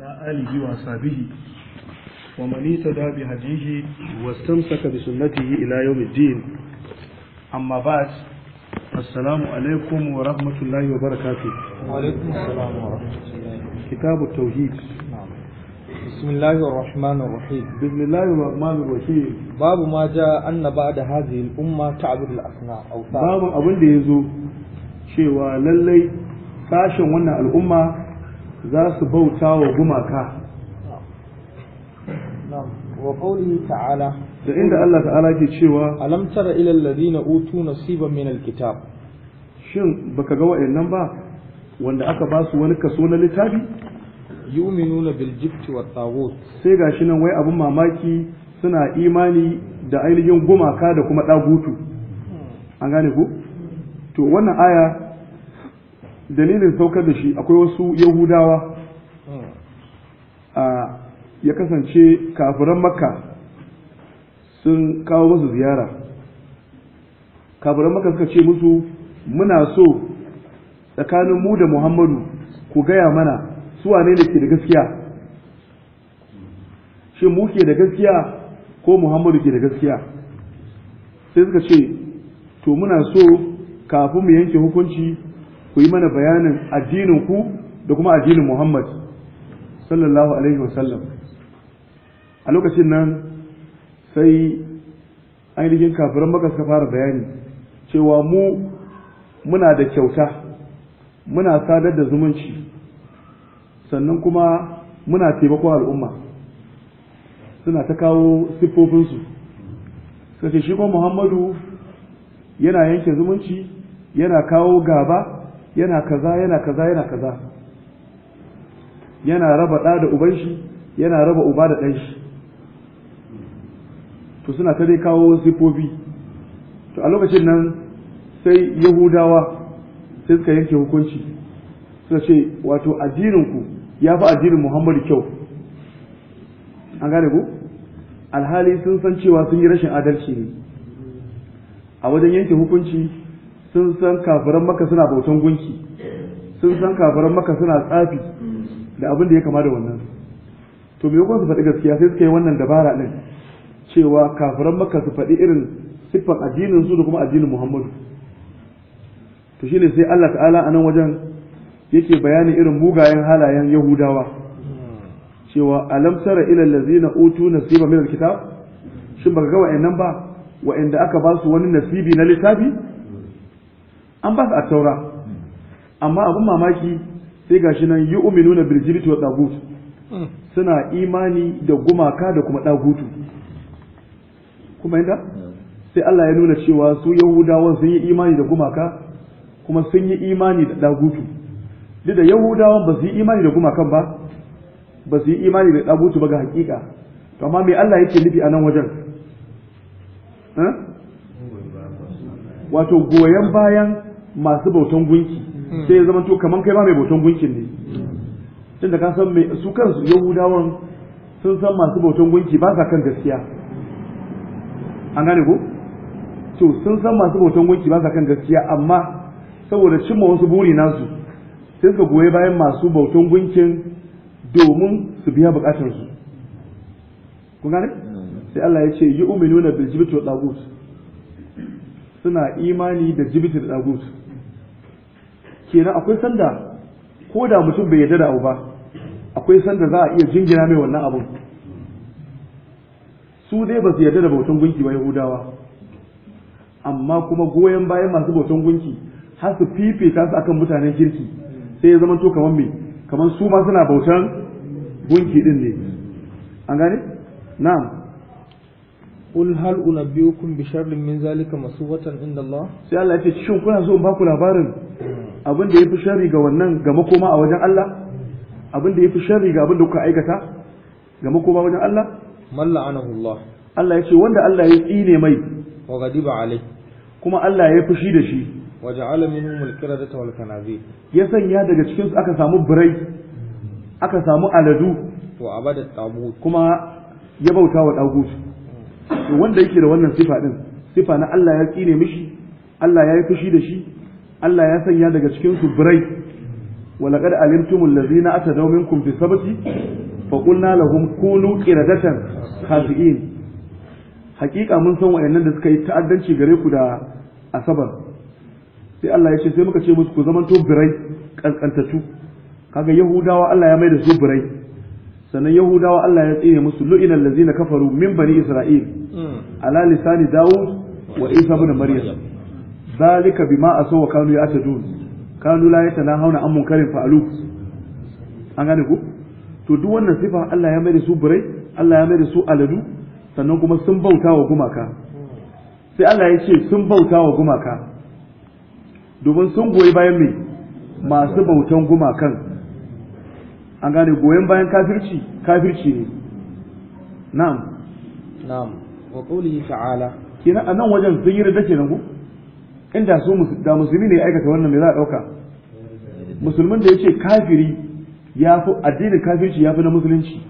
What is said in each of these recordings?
على آله وأصحابه ومن اهتدى بهديه واستمسك بسنته إلى يوم الدين أما بعد السلام عليكم ورحمة الله وبركاته وعليكم السلام ورحمة الله كتاب التوحيد بسم الله الرحمن الرحيم بسم الله الرحمن الرحيم باب ما جاء أن بعد هذه الأمة تعبد الأصنام أو باب أبن ديزو شيء وللي sashen wannan al'umma za su bauta wa gumaka wa ta'ala da inda Allah ta'ala ke cewa alam tara ila utu nasiban min alkitab shin baka ga wayannan ba wanda aka ba su wani kaso na littafi yu'minuna bil jibti wat taghut sai gashi nan wai abun mamaki suna imani da ainihin gumaka da kuma dagutu hmm. an gane ku to wannan aya dalilin saukar da shi akwai wasu yahudawa hmm. ya kasance kafiran makka sun kawo musu ziyara kafiran makka suka ce musu muna so tsakanin mu da muhammadu ku gaya mana su wane ne ke da gaskiya shin mu ke da gaskiya ko muhammadu ke da gaskiya sai suka ce to muna so kafin mu yanke hukunci ku yi mana bayanin addinin ku da kuma addinin Muhammad sallallahu alaihi wasallam a lokacin nan sai ainihin kafiran maka suka fara bayani cewa mu muna da kyauta muna sadar da zumunci sannan kuma muna taimakon al'umma suna ta kawo siffofinsu suka ce shi kuma muhammadu yana yanke zumunci yana kawo gaba yana kaza yana kaza yana kaza yana raba ɗa da uban shi yana raba uba da ɗan shi to suna ta dai kawo sifofi to a lokacin nan sai yahudawa sai suka yanke hukunci suka ce wato addininku ya fi addinin muhammadu kyau an gane ku alhali sun san cewa sun yi rashin adalci ne a wajen yanke hukunci sun san kafiran maka suna bautan gunki sun san kafiran maka suna tsafi da abin da ya kama da wannan to me su faɗi gaskiya sai suka yi wannan dabara ɗin cewa kafiran maka su faɗi irin siffan addinin su da kuma addinin muhammadu to shine sai Allah ta'ala a nan wajen yake bayani irin mugayen halayen yahudawa cewa alam tara ila allazina utu nasiba min alkitab shin baka ga wa'annan ba wa'anda aka ba su wani nasibi na littafi an ba su a taura amma abin mamaki sai gashi nan yi uminu na birjibiti wa ɗagut hmm. suna imani da gumaka da kuma ɗagutu kuma inda sai Allah ya nuna cewa su yahudawan sun yi imani da gumaka kuma sun yi imani da ɗagutu duk da yahudawan ba su yi imani da gumakan ba ba su yi imani da ɗagutu ba ga hakika amma mai Allah yake nufi a nan wajen wato goyon bayan masu bautan gunki hmm. sai ya zama to kamar kai ma mai bautan gunkin ne tun ka san mai su kansu yahudawan sun san masu bautan gunki ba sa kan gaskiya an gane ko to sun san masu bautan gunki ba sa kan gaskiya amma saboda cimma wasu buri nasu sai suka goye bayan masu bautan gunkin domin su biya bukatarsu kun gane sai Allah ya ce yu'minuna bil jibti wa suna imani da jibti da tagut kenan akwai sanda ko da mutum bai yarda da abu ba akwai sanda za a iya jingina mai wannan abun su dai ba su yarda da bautan gunki ba yahudawa amma kuma goyon bayan masu bautan gunki har su fifita su akan mutanen kirki sai ya zama to kamar me kamar su ma suna bautan gunki din ne an gane na'am kul hal unabbiukum bi sharrin min zalika masubatan inda Allah sai Allah ya ce shin kuna so in ba ku labarin abin da yafi sharri ga wannan ga makoma a wajen Allah abin da yafi sharri ga abin da kuka aikata ga makoma wajen Allah man la'anahu Allah Allah ya wanda Allah ya tsine mai wa ghadiba alai kuma Allah ya fushi da shi wa ja'ala minhum al-qiradata wal khanazir ya sanya daga cikin su aka samu birai aka samu aladu wa abada tabut kuma ya bauta wa tagut to wanda yake da wannan sifa din sifa na Allah ya tsine mishi Allah ya yi fushi da shi Allah ya sanya daga cikin su birai ولقد atadaw minkum أتدوا منكم fa qulna lahum kunu qiradatan قردة Hakika mun san wayannan da suka yi ta'addanci gare ku da asabar, sai Allah ya ce sai muka ce musu ku zamanto birai kaskantattu kaga Yahudawa Allah ya mai da su birai sannan yahudawa Allah ya tsine musu lu'inal ladzina kafaru min bani isra'il ala lisani daud wa isa ibn maryam zalika bima asaw wa kanu ya'tadun kanu la hauna an munkarin fa'alu an gane ku to duk wannan sifa Allah ya mai su burai Allah ya mai su aladu sannan kuma sun bauta wa gumaka sai Allah ya ce sun bauta wa gumaka domin sun goyi bayan mai masu bautan gumakan an gane goyon bayan kafirci kafirci ne na'am na'am wa qawlihi ta'ala kina nan wajen sun yi da kenan ku inda su da musulmi ne aikata wannan me za a dauka musulmin da yace kafiri ya fi addinin kafirci ya fi na musulunci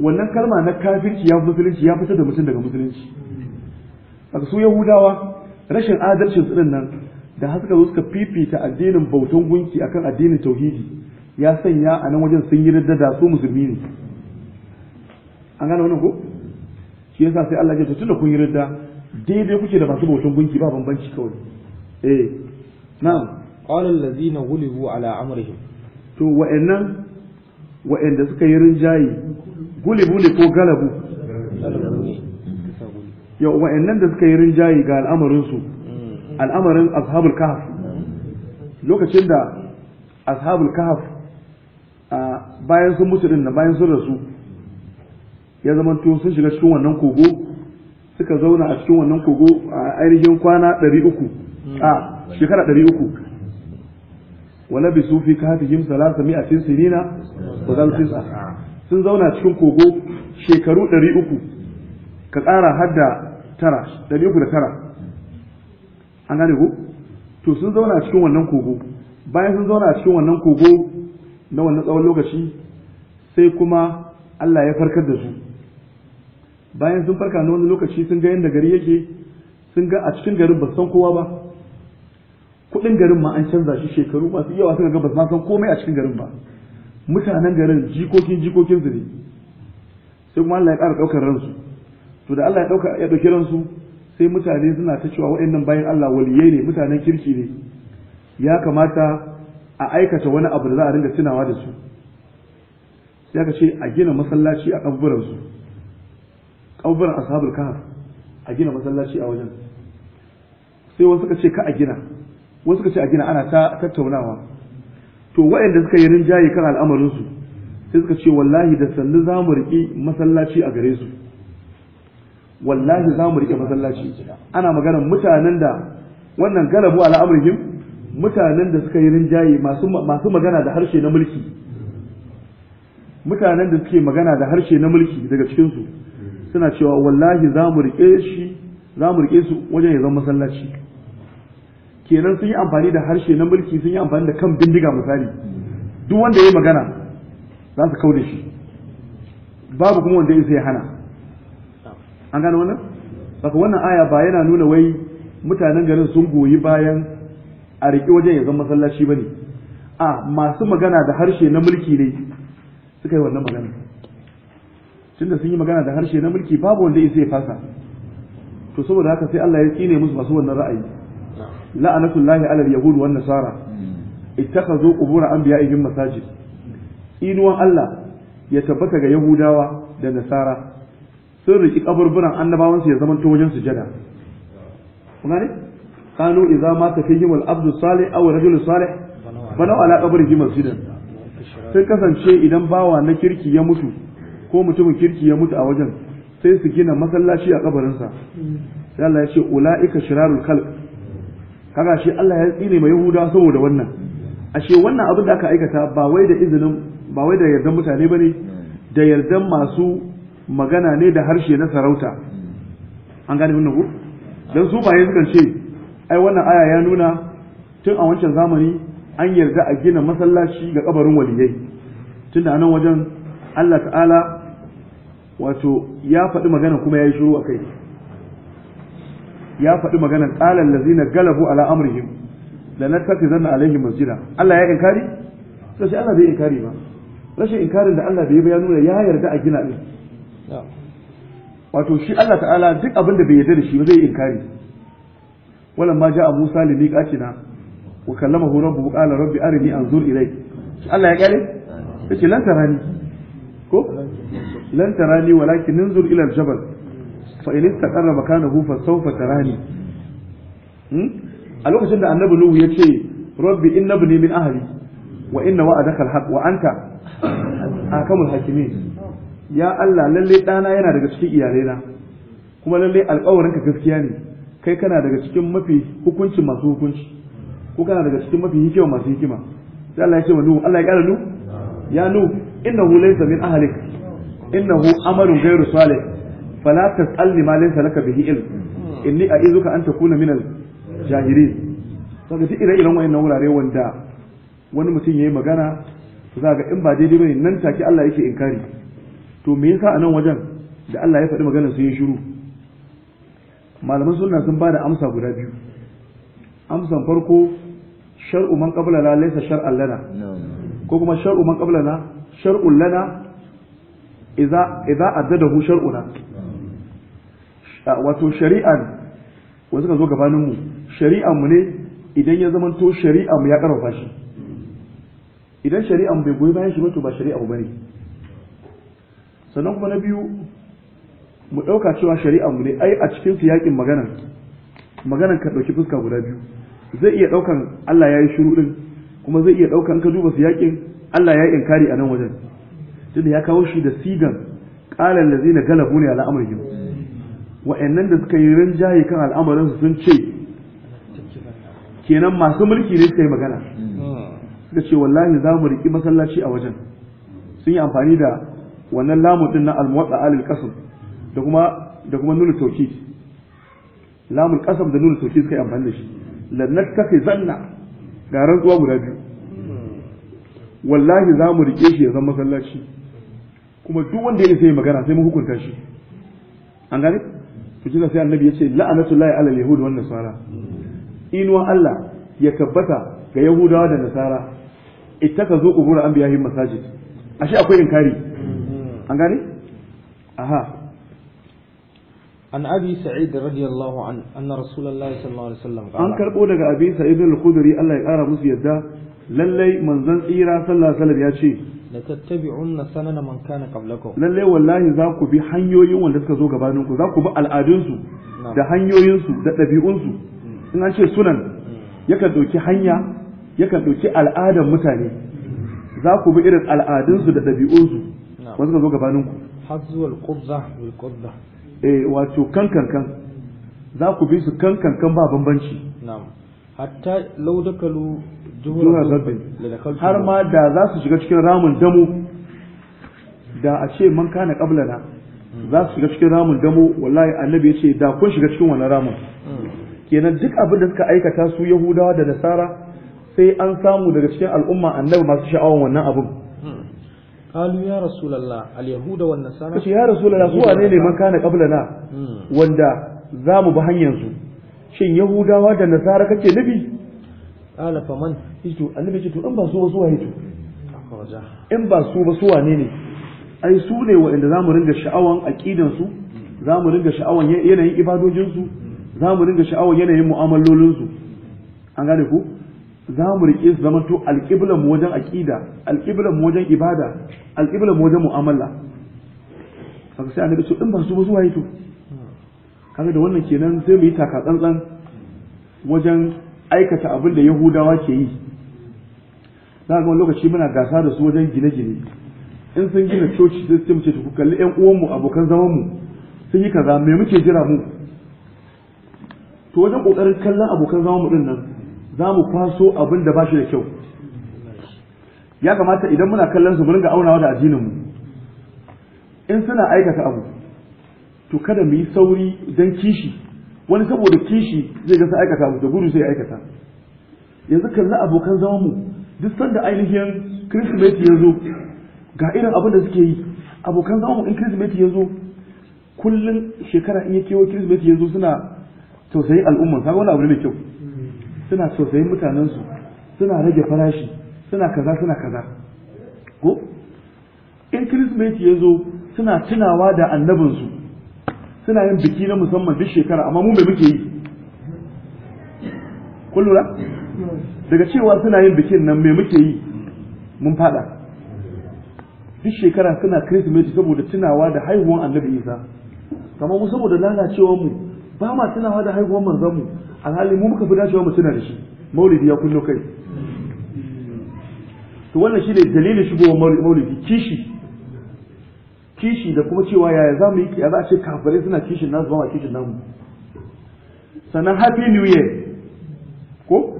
wannan kalma na kafirci ya fi musulunci ya fitar da mutum daga musulunci su yahudawa rashin adalcin tsirin nan da har suka zo suka fifita addinin bautan gunki akan addinin tauhidi ya sanya a nan wajen sun yi da su musulmi ne an gane wannan ko shi yasa sai Allah ya ce tunda kun yi ridda daidai kuke da masu bautan gunki ba bambanci kawai eh na'am qala allazina ghulibu ala amrihim to wa'annan wa'anda suka yi rinjayi ghulibu ne ko galabu yau wa'annan da suka yi rinjayi ga al'amarin su al'amarin ashabul kahf lokacin da ashabul kahf bayan sun mutu din bayan sun rasu ya to sun shiga cikin wannan kogo suka zauna a cikin wannan kogo a ainihin kwana 300 a shekara 300 wala bi sufi kahatihim salasa mi'atin sinina wa zal sun zauna cikin kogo shekaru 300 ka tsara hadda tara 300 da tara an gane ko to sun zauna a cikin wannan kogo bayan sun zauna a cikin wannan kogo na wannan tsawon lokaci sai kuma Allah ya farkar da su bayan sun farka na wannan lokaci sun ga yadda gari yake sun ga a cikin garin ba san kowa ba kudin garin ma an canza shi shekaru masu yawa suka ga ba san komai a cikin garin ba mutanen garin jikokin jikokin su ne sai kuma Allah ya ƙara ɗaukar ransu to da Allah ya ya ɗauki ransu sai mutane suna ta cewa wa'annan bayan Allah waliyai ne mutanen kirki ne ya kamata a aikata wani abu da za a ringa tunawa da su sai ka ce a gina masallaci a kaburin su kaburin ashabul kahf a gina masallaci a wajen sai wasu suka ce ka a gina wasu suka ce a gina ana ta tattaunawa to waɗanda suka yi rinjaye kan al'amarin su sai suka ce wallahi da sannu za mu riƙi masallaci a gare su wallahi za mu rike masallaci ana maganar mutanen da wannan galabu ala amrihim mutanen da suka yi rinjaye masu masu magana da harshe na mulki mutanen da suke magana da harshe na mulki daga cikin su suna cewa wallahi za mu rike shi za mu rike su wajen ya zama masallaci kenan sun yi amfani da harshe na mulki sun yi amfani da kan bindiga misali duk wanda ya yi magana za su kau shi babu kuma wanda ya hana an gane wannan saka wannan aya ba yana nuna wai mutanen garin sun goyi bayan a riƙe wajen ya zama masallaci bane a masu magana da harshe na mulki ne suka yi wannan magana tunda sun yi magana da harshe na mulki babu wanda ya fasa to saboda haka sai Allah ya tsine musu masu wannan ra'ayi la'anatullahi alal yahud wan nasara ittakhadhu qubur anbiya'ihim masajid inuwan Allah ya tabbata ga yahudawa da nasara sun riki kaburburan annabawan su ya zama to wajen sujada kuma ne kanu idza ma tafihim al abdu salih aw rajul salih bana ala qabrihi masjidan sun kasance idan bawa na kirki ya mutu ko mutumin kirki ya mutu a wajen sai su gina masallaci a kabarinsa sai Allah ya ce ulaika shirarul khalq kaga shi Allah ya tsine mai Yahuda saboda wannan ashe wannan abin da aka aikata ba wai da izinin ba wai da yardan mutane bane da yardan masu magana ne da harshe na sarauta an gane wannan ku dan su baye sukan ce ai wannan aya ya nuna tun a wancan zamani an yarda a gina masallaci ga kabarin waliyai tun da nan wajen Allah ta'ala wato ya faɗi magana kuma ya yi shiru a kai ya faɗi magana ƙalan na galabu ala amrihim da na tafi zanna alaihim masjida Allah ya inkari sai Allah bai inkari ba rashin inkarin da Allah bai ba ya nuna ya yarda a gina din wato shi Allah ta'ala duk abin da bai yarda da shi ba zai inkari walan ma ja'a Musa li miqatina wa kallama kallamahu rabbuhu qala rabbi arini anzur ilayk shi Allah ya kare yace lan tarani ko lan tarani walakin nanzur ila al-jabal fa in istaqarra makanahu fa sawfa tarani hmm? a lokacin da annabi Nuhu ya yace rabbi inna ibni min ahli wa inna wa'adaka al-haq wa anta akamul hakimin ya Allah lalle ɗana yana daga cikin iyalaina kuma lalle alƙawarinka gaskiya ne kai kana daga cikin mafi hukuncin masu hukunci ko kana daga cikin mafi hikima masu hikima sai Allah ya ce wa Nuhu Allah ya ƙara Nuhu ya Nuhu innahu laysa min ahlik innahu amalun ghayru salih fala tas'alni ma laysa laka bihi ilm inni a'izuka an takuna min al jahilin kaga duk ire-iren wayannan wurare wanda wani mutum yayi magana za ga in ba daidai bane nan take Allah yake inkari to me yasa a nan wajen da Allah ya faɗi maganar su ya shiru malaman sunna sun bada amsa guda biyu amsan farko shar'u man la laysa shar'an lana ko kuma shar'u man na shar'un lana idza idza addadahu shar'una wato shari'an wanda suka zo gabanin mu shari'an mu ne idan ya zama to shari'an mu ya karfafa shi idan shari'an bai goyi bayan shi ba to ba shari'a ne sannan kuma na biyu mu ɗauka cewa shari'a mu ne ai a cikin yakin magana maganan ka ɗauki fuska guda biyu zai iya ɗaukan Allah ya yi shiru ɗin kuma zai iya ɗaukan ka duba su yakin Allah ya yi inkari a nan wajen tunda ya kawo shi da sigan ƙalan da zai na galabu ne al'amarin wa'annan da suka yi rinjaye kan al'amarin su sun ce kenan masu mulki ne suka yi magana hmm. suka ce wallahi za mu riƙi masallaci a wajen sun yi amfani da wannan lamudin din na almuwatta alil qasam da kuma da kuma nunu lamun qasam da nunu suka yi amfani da shi lannat kafi zanna ga rantsuwa guda biyu wallahi za mu rike shi ya zama masallaci kuma duk wanda ya sai magana sai mu hukunta shi an gane to kina sai annabi ya ce la'anatullahi ala alyahud wan nasara inuwa Allah ya tabbata ga yahudawa da nasara an biya yin masajid ashe akwai inkari an gane aha an abi sa'id radiyallahu an anna rasulullahi sallallahu alaihi wasallam an karbo daga abi sa'id al-khudri Allah ya kara musu yadda lallai manzon tsira sallallahu alaihi wasallam ya ce la tattabi'unna sanana man kana qablakum lalle wallahi za ku bi hanyoyin wanda suka zo gabanin ku za ku bi al'adunsu da hanyoyin su da ɗabi'unsu mm. in an ce sunan mm. yakan ɗauki hanya yakan ɗauki al'adan mutane za ku bi irin al'adunsu da dabi'un su. wanda suka zo gabanin ku hazwal qubza bil qubza eh wato kan kan kan za ku bi su kan kan kan ba bambanci na'am hatta law dakalu juhura har ma da za su shiga cikin ramin damu da a ce man kana qablana hmm. za su shiga cikin ramin damu wallahi annabi ya ce da kun shiga cikin wannan ramin hmm. kenan duk abin da suka aikata su yahudawa da nasara sai an samu daga cikin al'umma annabi masu sha'awan wannan abin قالوا يا رسول الله اليهود والنصارى يا رسول الله سوى ne man kana qablana wanda zamu bi hanyar su shin yahudawa da nasara kake nabi qala faman ito annabi ce to in ba su ba su waye to in ba su ba su wane ne ai su ne waɗanda zamu ringa sha'awan aqidan su zamu ringa sha'awan yanayin ibadojin su zamu ringa sha'awan yanayin mu'amalolin su an gane ku za mu riƙe su zama to alƙiblan mu wajen aƙida alƙiblan mu wajen ibada alƙiblan mu wajen mu'amala kaga sai annabi su din ba su ba su waye to kaga da wannan kenan sai mu yi taka tsantsan wajen aikata abin da yahudawa ke yi za ga wani lokaci muna gasa da su wajen gine-gine in sun gina coci sai su ce ku kalli ƴan uwanmu abokan zaman mu sun yi kaza me muke jira mu to wajen ƙoƙarin kallon abokan zaman mu din nan za mu kwaso abin da ba shi da kyau ya kamata idan muna kallon su mu ringa aunawa da ajininmu in suna aikata abu to kada mu yi sauri don kishi wani saboda kishi zai ga aikata abu da gudu sai aikata yanzu kalli abokan zaman mu duk sanda ainihin kirsimeti ya zo ga irin abin da suke yi abokan zaman mu in kirsimeti ya zo kullum shekara in ya kewa kirsimeti ya zo suna tausayin al'umma kaga abu ne mai kyau suna sosai mutanensu suna rage farashi suna kaza suna kaza ko in kirismeti ya zo suna tunawa da annabinsu suna yin biki na musamman duk shekara amma mu me muke yi kun lura daga cewa suna yin bikin nan me muke yi mun fada duk shekara suna kirismeti saboda tunawa da haihuwan annabi isa kamar mu saboda lalacewar mu ba ma tunawa da haihuwar manzon mu alhali mu muka fi dacewa mu tuna da shi maulidi ya kullo kai to wannan shine dalilin shigowar maulidi kishi kishi da kuma cewa yaya za mu yi ya za a ce kafirai suna kishin nasu ba kishin namu sannan happy new year ko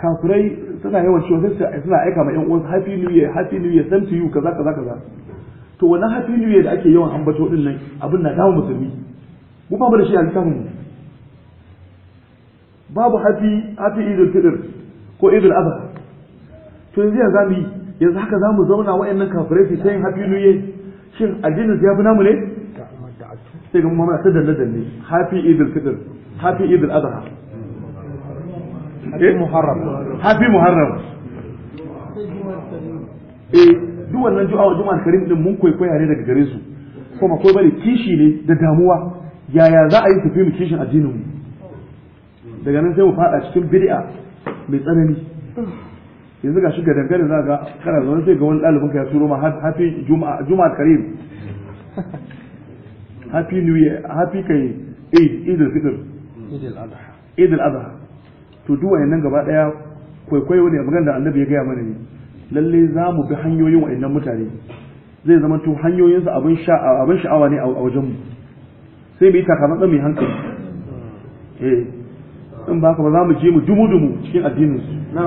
kafirai suna yawan cewa sai suna aika ma yan uwansu happy new year happy new year same to you kaza kaza kaza to wannan happy new year da ake yawan ambato din nan abin na dawo musulmi mu ba mu da shi a littafin babu hafi hafi idul fitr ko idul adha to yanzu ya zamu yanzu haka zamu zauna wayannan kafirai su sayin hafi nuye shin addinin su ya namu ne sai ga mamaya ta dalle-dalle. hafi idul fitr hafi idul adha hafi eh? muharram hafi muharram eh duk wannan ju'a juma'a karim din mun koyi ne daga gare su kuma koyi bane kishi ne da damuwa yaya za a yi tafi mu kishin addinin mu daga nan sai mu fada cikin bid'a mai tsanani yanzu ga shiga dangane za ga kana zo sai ga wani dalibin ka ya turo ma hafi juma'a karim hafi new year hafi kai eid Eid al fitr al adha to duwa wayannan gaba daya kwaikwayo ne magana da annabi ya gaya mana ne lalle za mu bi hanyoyin wayannan mutane zai zama to su abin sha'awa ne a wajenmu sai mu yi takamatsa mai hankali eh. in ba ka ba za mu je mu dumu dumu cikin addinin su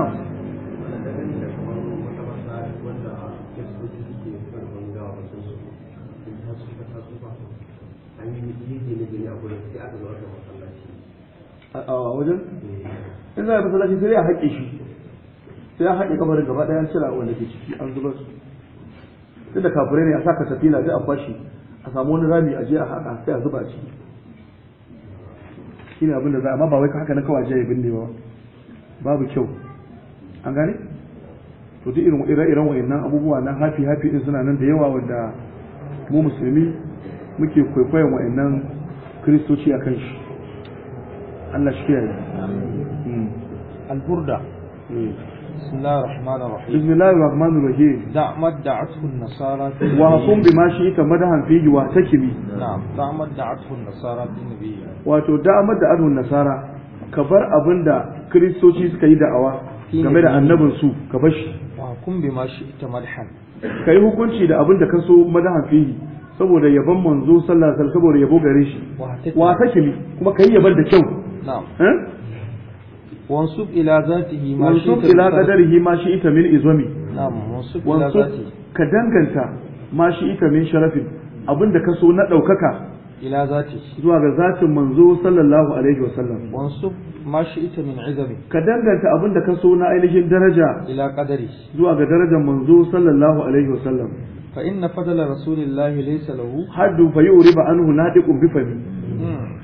a wajen in za a masallaci sai ya haƙe shi sai ya haƙe kamar gaba ɗaya cira wanda ke ciki an zubar su tun da kafirai ne a sa ka safina sai a kwashe a samu wani rami a je a haƙa sai a zuba ciki shine abin da za amma ba wai haka na kawai ajiya ya binne ba babu kyau an gane to duk irin ire-iren wayannan abubuwa na hafi hafi din suna nan da yawa wanda mu musulmi muke kwaikwayon wayannan kristoci akan shi Allah shi kiyaye hmm. al-burda hmm. بسم الله الرحمن الرحيم بسم الله الرحمن الرحيم دع دعته النصارى وقم بما شئت مدحا فيه نعم دع دعته النصارى بالنبي واتو دع دعته النصارى كبر أبندا كريستوشي سكاي game da annabin su ka bashi wa kun bi ma shi ita madhan kai hukunci da abin da ka so madhan fihi saboda yabon manzo sallallahu alaihi wasallam saboda yabo gare shi wa takimi kuma kai yaban da kyau na'am eh? wansub ila zatihi ma shi wansub ila qadarihi ma shi ita min izwami na'am wansub ila zatihi ka danganta ma shi ita min sharafin abinda ka so na daukaka ila zatihi zuwa ga zatin manzo sallallahu alaihi wasallam wansub ma shi ita min izami ka danganta abinda ka so na ainihin daraja ila qadari zuwa ga darajar manzo sallallahu alaihi wasallam fa inna fadala rasulillahi laysa lahu haddu fa yuriba anhu nadiqun bi fami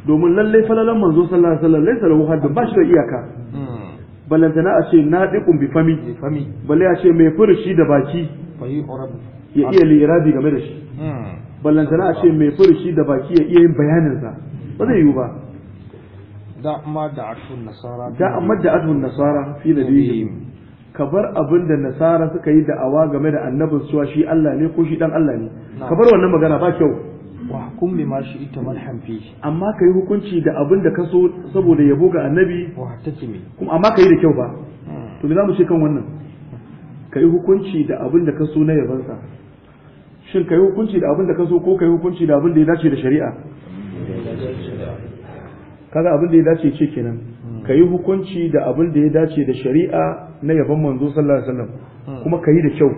domin lallai falalan manzo sallallahu alaihi wasallam laysa lahu haddun ba shi da iyaka hmm. balantana a ce na dikun bi fami balle a ce mai furushi da baki ya iya lirabi game da shi hmm. ballantana a ce mai furushi da baki ya iya yin bayanin sa ba zai yiwu ba da amma da atun nasara da amma da atun nasara fi nabihim kabar abin da nasara suka yi da'awa game da annabin suwa shi Allah ne ko shi dan Allah ne kabar wannan magana ba kyau wa hukum bi ma shi ita man fi amma kai hukunci da abin da kaso saboda yabo ga annabi wa hatakimi kuma amma kai da kyau ba to me za mu ce kan wannan kai hukunci da abin da kaso na na yabansa shin kai hukunci da abin da kaso ko kai hukunci da abin da ya dace da shari'a kaga abin da ya dace ce kenan kai hukunci da abin da ya dace da shari'a na yaban manzo sallallahu alaihi wasallam kuma kai da kyau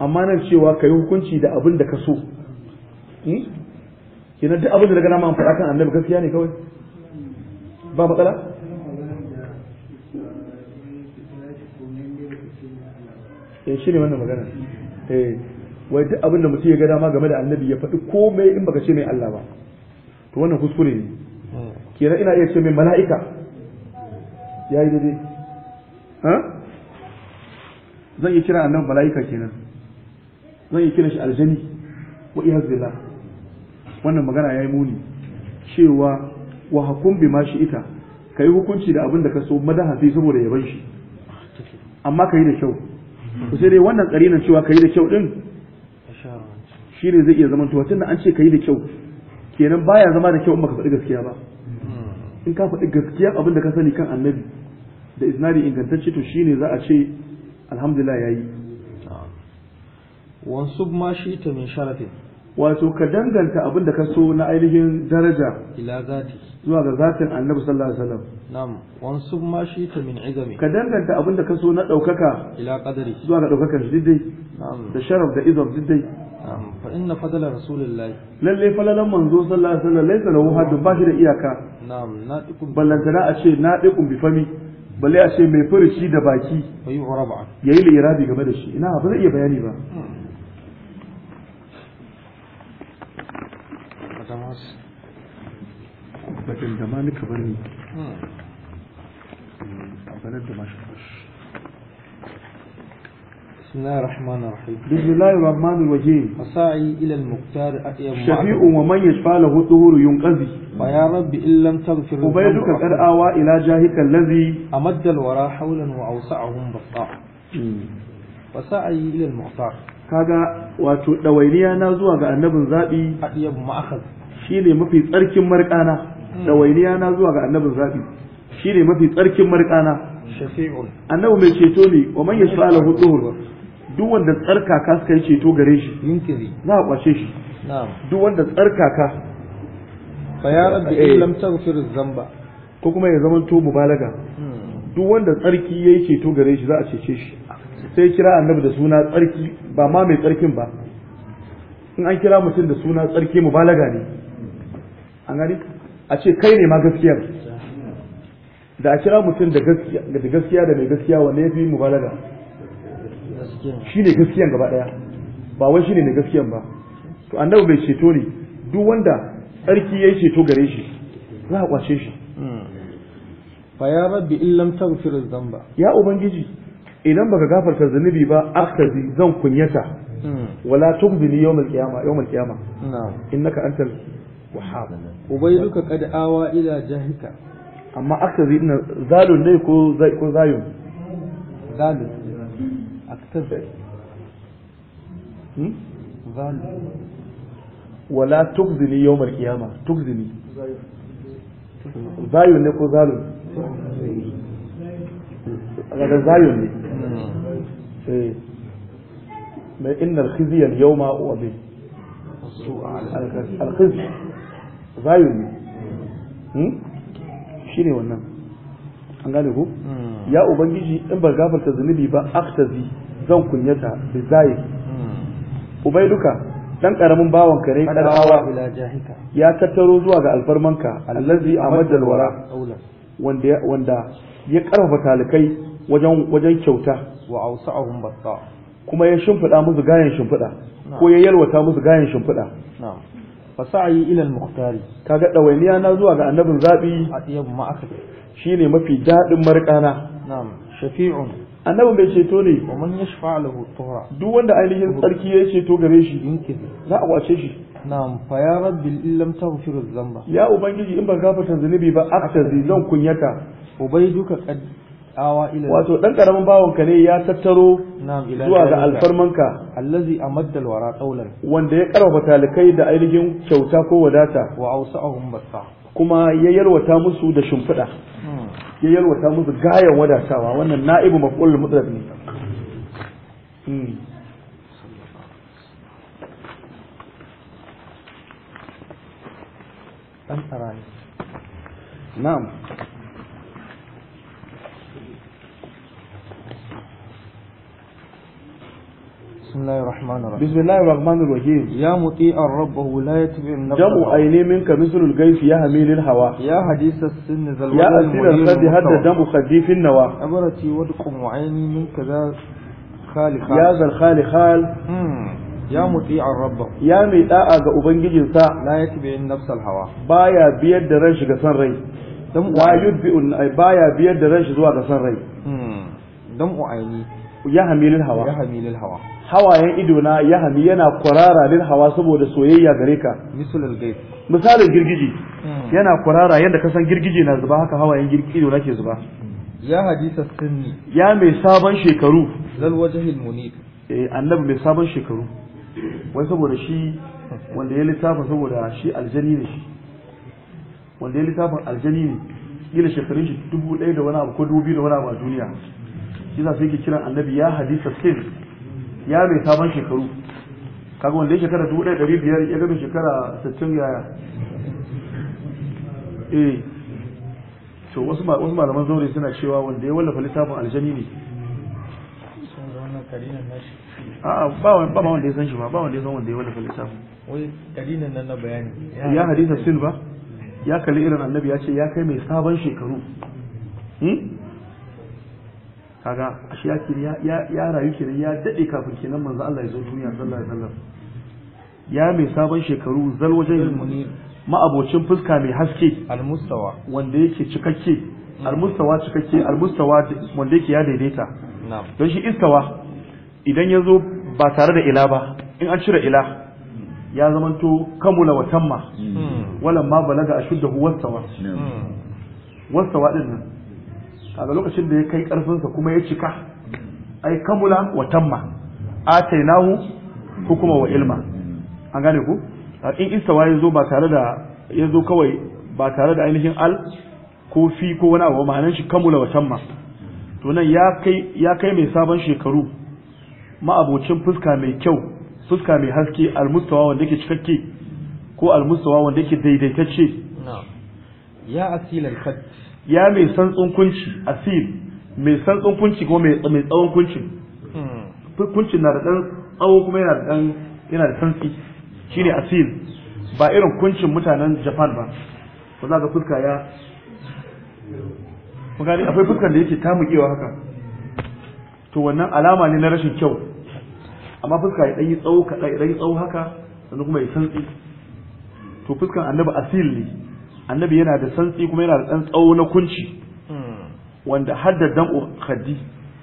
amma nan cewa kai hukunci da abin da kaso. so Hmm? kenan duk abin da daga nama faɗa kan annabi gaskiya ne kawai ba matsala ya eh, shi ne wannan magana eh wai duk abin da mutum ya ga dama game da annabi ya faɗi komai in baka ce mai Allah ba to wannan kuskure ne kenan ina iya ce mai mala'ika ya yi daidai zan iya kira annabi mala'ika kenan zan iya kira shi aljani wa iya billah wannan magana ya yi muni cewa wa hakun bi ma shi ita ka yi hukunci da abin da ka so madahasi saboda yaban shi amma ka yi da kyau ku sai dai wannan karinan cewa ka yi da kyau din shi ne zai iya zaman tun tunda an ce ka yi da kyau kenan baya zama da kyau in baka faɗi gaskiya ba in ka faɗi gaskiya abin da ka sani kan annabi da isnadi ingantacce to shi ne za a ce alhamdulillah yayi wasu ma shi ta min sharafin wato ka danganta abin da ka so na ainihin daraja ila zati zuwa ga zatin annabi sallallahu alaihi wasallam na'am wansu ma shi ta min izami ka danganta abin da ka so na daukaka ila qadari zuwa ga daukakar shi diddai, na'am da sharaf da izam diddai. na'am fa inna fadala rasulillahi lalle falalan manzo sallallahu alaihi wasallam laysa lahu hadd ba shi da iyaka na'am nadiqum ballantana a ce nadiqum bi fami balle a ce mai furuci da baki fa yu'rabu yayi lirabi game da shi ina ba zai iya bayani ba hmm. ɗin da ma nika bari maganar da mashi بسم الله الرحمن الرحيم بسم الله الرحمن الرحيم مساعي إلى المختار شفيء ومن يشفى له الطهور ينقذي ويا رب إن لم تغفر عبيدك قد آوى إلى جاهك الذي أمد الورى حولا وأوسعهم بسطاع وسعي إلى المختار kaga wato ɗawainiya na zuwa ga annabin zaɓi a iya ma'akaz shi ne mafi tsarkin marƙana ɗawainiya na zuwa ga annabin zaɓi shi ne mafi tsarkin marƙana annabi mai ceto ne wa manya yasha hudu hudur duk wanda tsarkaka suka yi ceto gare shi za a kwace shi duk wanda tsarkaka fa ya rabbi in eh. lam taghfir zamba ko kuma ya zama to mubalaga hmm. duk wanda tsarki yayi ceto gare shi za a cece shi sai kira annabi da suna tsarki ba ma mai tsarkin ba in an kira mutum da suna tsarki mubalaga ne an gani a ce kai ne ma gaskiyar da a kira mutum da gaskiya da mai gaskiya wanne ya fi mubalaga shi ne gaskiyan gaba ɗaya ba wai shi ne mai gaskiyan ba to annabi bai ceto ne duk wanda tsarki ya yi ceto gare shi za a kwace shi fa ya rabbi in lam taghfir dhanba ya ubangiji idan baka gafarta zunubi ba aktazi zan kunyata hmm. wala tughzini yawm al-qiyamah yawm al-qiyamah innaka antal وحاضر وبيلك نعم. قد آوى إلى جهك أما أكثر إن زال لا يكون زي يكون زايون زال أكثر زال ولا تخزني يوم القيامة تخزني زايون يكون زال هذا زايون ما إن الخزي اليوم هو به الخزي zayun ne hmm? shi ne wannan an gane ku hmm. ya ubangiji in ba gafarta zunubi ba aktazi zan kunyata bi zayi hmm. duka dan karamin bawon kare karawa ya tattaro zuwa ga alfarmanka allazi amadal wara wanda wanda ya karfafa talikai wajen wajen kyauta wa ausahum batta kuma ya shimfida musu gayan shimfida ko ya yalwata musu gayan shimfida fasa'i ila al-muqtari kaga dawainiya na zuwa ga annabin zabi atiyabu ma aka shine mafi dadin markana na'am shafi'un annabin bai ceto ne wa man yashfa lahu tuhra duk wanda ainihin tsarki ya ceto gare shi yinkin za a kwace shi na'am fa ya rabbi in lam dhanba ya ubangiji in ba gafarta zunubi ba zai zan kunyata ubaiduka qad wato dan karamin bawon ka ne ya tattaro zuwa ga alfarmanka allazi amaddal wara qawlan wanda ya karfafa talikai da ainihin kyauta ko wadata wa ausahum basta kuma ya yalwata musu da shimfiɗa hmm. ya yalwata musu gayan wadatawa wannan na'ibu maf'ul mutlaq ne dan hmm. tsarani na'am بسم الله الرحمن الرحيم بسم الله الرحمن الرحيم يا مطيع ربه لا يتبع النفس جمع عيني منك مثل الجيف يا هميل الهوى يا حديث السن ذل يا أسير الصد هد دم خدي في النوى عبرتي ودكم وعيني منك ذا خالي خال يا ذا الخالي خال يا مطيع الرب يا ميتاء da'a ga ubangijinsa la yatbi in nafsal hawa baya biyar da ran shi ga san rai dan wa yudbi baya biyar da ran shi zuwa ga san hawayen idona ya hami yana kwarara lil hawa saboda soyayya gare ka misalin girgiji hmm. yana kwarara yadda kasan girgije na zuba haka hawayen idona ke zuba ya hadisa sunni ya mai sabon shekaru zal wajhil munib eh annabi mai sabon shekaru wai saboda shi wanda ya lissafa saboda shi aljani ne shi wanda ya lissafa aljani ne gina shekarun shi dubu ɗaya da wani abu ko dubu biyu da wani abu a duniya shi za su yake kiran annabi ya hadisa sunni ya mai sabon shekaru kaga wanda ya shekara dubu ɗaya ɗari biyar ya gami shekara sittin yaya eh to wasu malaman zaure suna cewa wanda ya wallafa littafin aljani ne a'a ba ba wanda ya san shi ba ba wanda ya san wanda ya wallafa littafin wai karinan nan na bayani ya hadisa silba ya kalli irin annabi ya ce ya kai mai sabon shekaru hmm? kaga ashe ya kiri ya rayu kiri ya dade kafin kenan manzo Allah ya zo duniya sallallahu alaihi wasallam ya mai sabon shekaru zal zalwajen ma'abocin fuska mai haske almustawa wanda yake cikakke almustawa cikakke almustawa wanda yake ya daidaita don shi istawa idan ya zo ba tare da ila ba in an cire ila ya zamanto kamula wa tamma hmm. walamma balaga ashuddahu wastawa hmm. wastawa din nan kaga lokacin da ya kai karfinsa kuma ya cika ai kamula wa tamma atainahu hukuma wa ilma an gane ku in istawa ya zo ba tare da ya zo kawai ba tare da ainihin al ko fi ko wani abu ma'anar shi kamula wa tamma to nan ya kai ya kai mai sabon shekaru ma'abocin fuska mai kyau fuska mai haske almustawa wanda yake cikakke ko almustawa wanda yake daidaitacce ya asilal khat ya mai santsun kunci asir mai santsun kunci kuma mai tsawon kunci hmm. kuncin na da dan tsawo kuma yana da dan yana da santsi shine asir ba irin kuncin mutanen Japan ba ba za ka fuska ya magani akwai fuskar da yake ta mukewa haka to wannan alama ne na rashin kyau amma fuska ya ɗanyi tsawo tsawo haka sannan kuma ya santsi to fuskan annabi asil ne annabi yana da santsi kuma yana da ɗan tsawo na kunci hmm. wanda hadda dan khaddi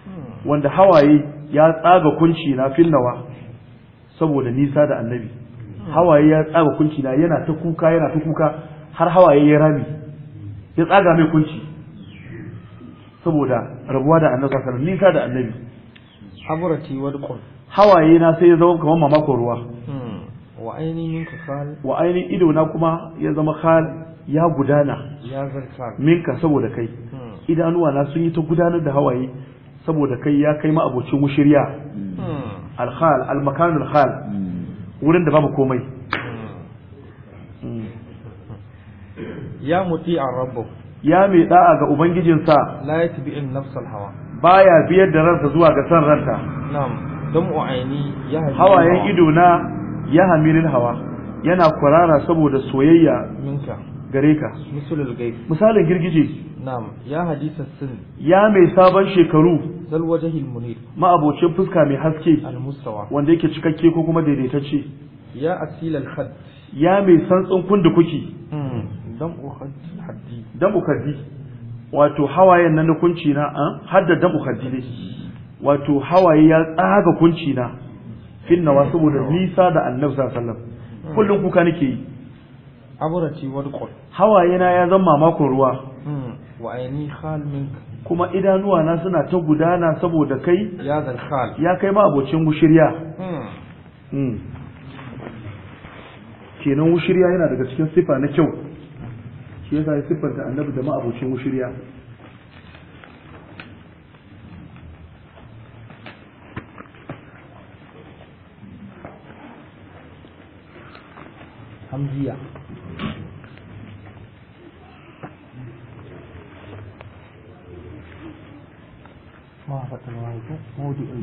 hmm. wanda hawaye ya tsaga kunci na finnawa saboda nisa da annabi hmm. hawaye ya tsaga kunci na yana ta kuka yana ta kuka har hawaye ya rami ya tsaga mai kunci saboda rabuwa da annabi sallallahu nisa da annabi haburati wal qul hawaye na sai ya zama kamar mamakon ruwa wa ainihin kasal wa ainihin ido na kuma ya zama khal ya gudana minka saboda kai hmm. idanuwa na sun yi ta gudanar da hawaye saboda kai ya kai ma'abocin mushirya hmm. alhal almakanin alhal hmm. wurin da babu komai ya muti a rabu ya mai da'a ga ubangijinsa la in nafsal hawa Ba ya biyar da ransa zuwa ga san ranta hawayen ido na ya hamilin hawa yana kwarara saboda soyayya minka gare ka misalul gaib misalin girgije na'am ya hadisa sin ya mai sabon shekaru zal wajhil munir ma abocin fuska mai haske al mustawa wanda yake cikakke ko kuma daidaitacce ya asil al khad ya mai santsin kundu kuki hmm, dan haddi dan haddi wato hawayen nan kunci na ah, hadda dan haddi ne wato hawaye ya tsaga kunci na finnawa saboda hmm. nisa da annabi sallallahu alaihi wasallam kullun kuka nake yi wani wal hawaye na ya zama makon ruwa hmm, wa aini khal min. kuma idanuwa na suna ta gudana saboda kai ya zal khal ya kai ma abocin gushirya hmm. hmm. kenan wushirya yana daga cikin sifa na kyau shi yasa ya da annabi da ma abocin wushirya hamziya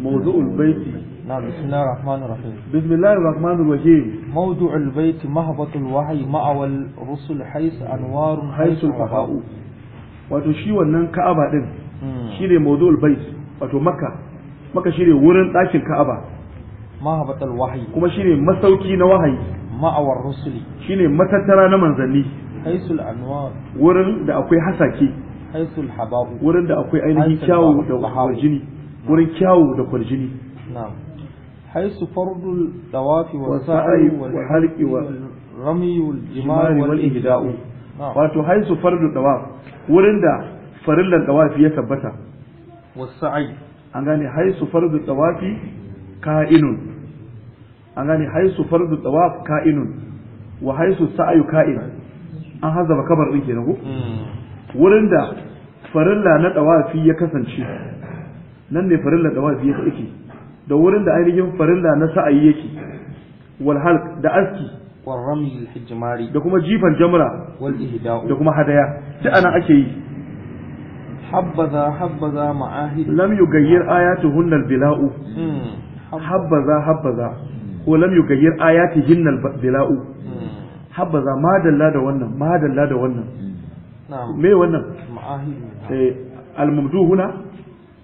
موضوع البيت نعم بسم الله الرحمن الرحيم بسم الله الرحمن الرحيم موضوع البيت مهبط الوحي مع الرسل حيث أنوار حيث الفقاء wato shi wannan ka'aba din shine mawdu'ul bait wato makka makka shine wurin ɗakin ka'aba mahabatal wahyi kuma shine masauki na wahayi ma'awar rusuli shine matattara na manzanni haisul anwar wurin da akwai hasake haisul haba'u wurin da akwai ainihin kyawu da jini wurin kyawu da kwarjini haisu fardul dawafi wa sa'i wa halqi wa rami jimari wal ihda'u wato haisu fardul dawaf wurin da farillan dawafi ya tabbata wa sa'i an gane haisu fardul dawafi ka'inun an gane haisu fardul dawaf ka'inun wa haisu sa'ayu ka'in an hazaba kabar din kenan ku. Hmm. wurin da farilla na dawafi ya kasance nan ne farilla da wafi yake da wurin da ainihin farilla na sa'ayi yake wal halq da aski wal rami al hijmari da kuma jifan jamra wal ihda'u da kuma hadaya duk ana ake yi habbaza habbaza ma'ahid lam yughayyir ayatuhunna al bila'u hmm. habbaza habbaza ko lam yughayyir ayatihinna al bila'u hmm. habbaza madalla da wannan madalla da wannan me wannan ma'ahid eh, al mumduhuna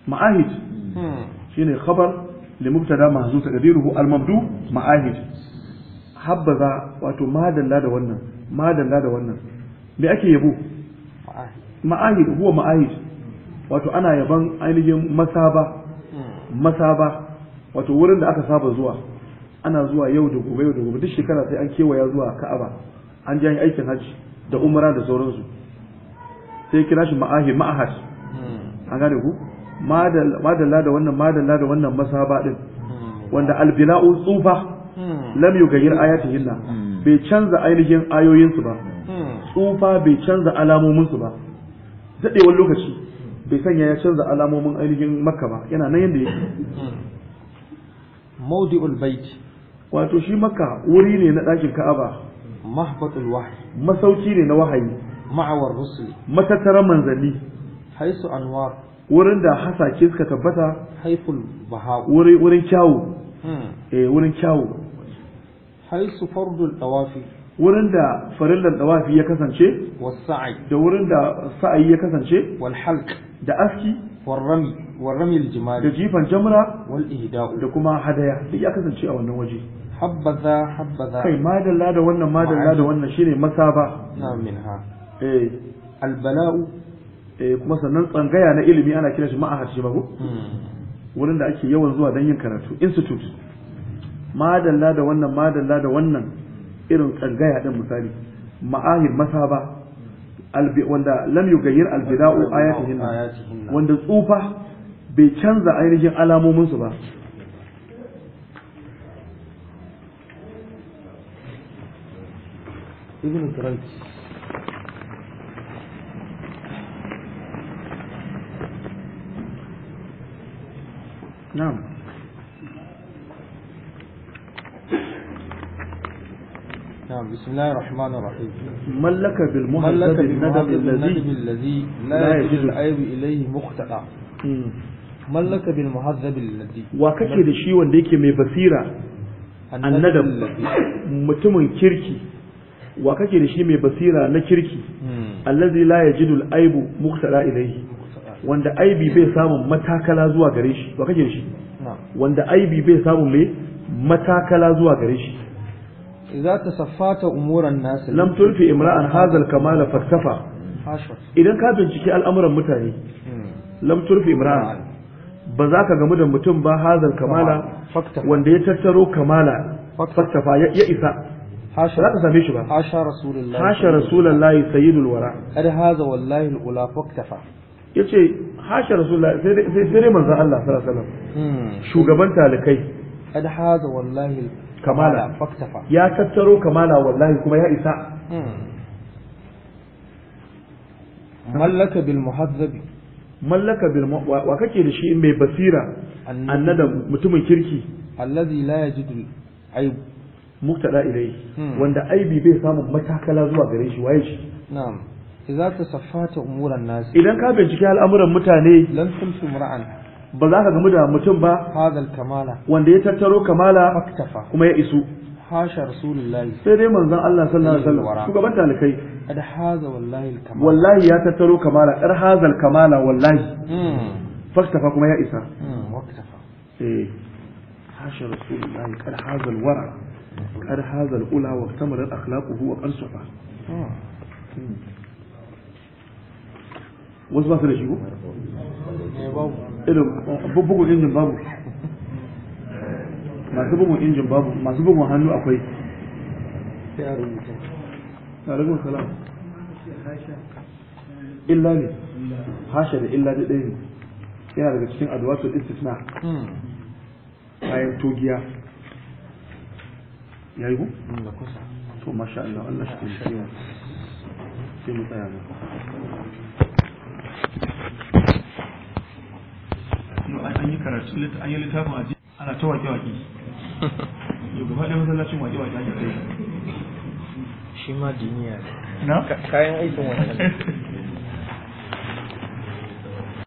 ma'ahid hmm. shine khabar li mubtada mahzuz tadiruhu al mabdu ma'ahid habbaza wato madalla da wannan madalla da wannan me ake yabo ma'ahid huwa ma'ahid wato ana yaban ainihin masaba hmm. masaba wato wurin da aka saba zuwa ana zuwa yau da gobe yau da gobe duk shekara sai an kewaya zuwa ka'aba an ji aikin hajji da umara da sauransu sai kira shi ma'ahid ma'ahad hmm. an gane ku madalla da wannan madalla da wannan masaba din wanda albina'u tsufa hmm. lam yughayyir ayatihinna hmm. bai canza ainihin ayoyinsu ba hmm. tsufa bai canza alamominsu ba wani lokaci bai sanya ya canza alamomin ainihin makka ba yana nan yadda yake mawdi'ul bait wato shi makka wuri ne na ɗakin ka'aba mahbatul wahyi masauki ne na wahayi ma'awar rusul matattaran manzali haisu anwar wurin da hasake suka tabbata haiful baha wurin kyawu hmm. eh wurin kyawu haisu fardul tawafi wurin da farillan tawafi ya kasance wasa'i da wurin da sa'ayi ya kasance wal halq da aski da jifan jamra wal ihda'u da kuma hadaya duk ya kasance a wannan waje habbaza habbaza kai madalla da wannan madalla da wannan shine masaba na minha eh al bala'u eh kuma sannan tsangaya na ilimi ana kira shi ma'ahad shi ba ko hmm. wurin da ake yawan zuwa don yin karatu institute madalla da wannan madalla da wannan irin tsangaya din misali ma'ahir masaba wanda lam yugayyir albida'u ayatihin wanda tsufa bai canza ainihin alamomin su ba ibn Turanci نعم نعم بسم الله الرحمن الرحيم ملك بالمهذب الندم الذي الذي لا يجد العيب اليه مختلع mallaka bil muhazzabil ladhi wa kake da shi wanda yake mai basira annadam mutumin kirki wa kake da shi mai basira na kirki hmm. allazi la yajidu al wanda aibi bai samun matakala zuwa gare shi ba kake shi wanda aibi bai samun mai matakala zuwa gare shi idza tasaffata umuran nas lam tulfi imra'an hadha al-kamala faktafa idan ka bincike al'amuran mutane hmm. lam tulfi imra'an ba za ka gamu da mutum ba hazal kamala wanda ya tattaro kamala faktafa ya isa حاشا لا تسمي شبه حاشا رسول الله حاشا رسول الله سيد الورى قد هذا والله الأولى فاكتفى ya ce hasha rasulullah sai sai manzan Allah sallallahu alaihi wasallam hmm. shugaban talikai kad haza wallahi kamala faktafa ya tattaro kamala wallahi kuma ya isa hmm. mallaka bil muhazzabi mallaka bil wa kake da shi mai basira annada mutumin kirki allazi la yajidu aib muktada ilayhi hmm. wanda aibi bai samu matakala zuwa gare shi waye shi na'am idza tasaffata umuran nas idan ka bincike al'amuran mutane lan ba za ka gamu da mutum ba hadal wanda ya tattaro kamala faktafa kuma ya isu sai dai manzon Allah sallallahu alaihi wasallam shugaban talikai ad haza wallahi ya tattaro kamala kar hazal kamala wallahi faktafa kuma ya isa waktafa eh hasha rasulullahi kar hazal wara kar hazal ula wa tamara wasu ba su da shi ko eh, irin bugun injin babu masu bugun injin babu masu bugun hannu akwai sai salam illa ne hasha da illa da ɗaya ne yana daga cikin adwatul istisna hmm. kayan togiya Ya yi ku hmm, to masha Allah Allah shi ke sai mu tsaya ne an yi karatu an yi littafin aji ana ta wake wake yau gaba masallacin wake wake ake kai shi ma duniya ne kayan aikin wannan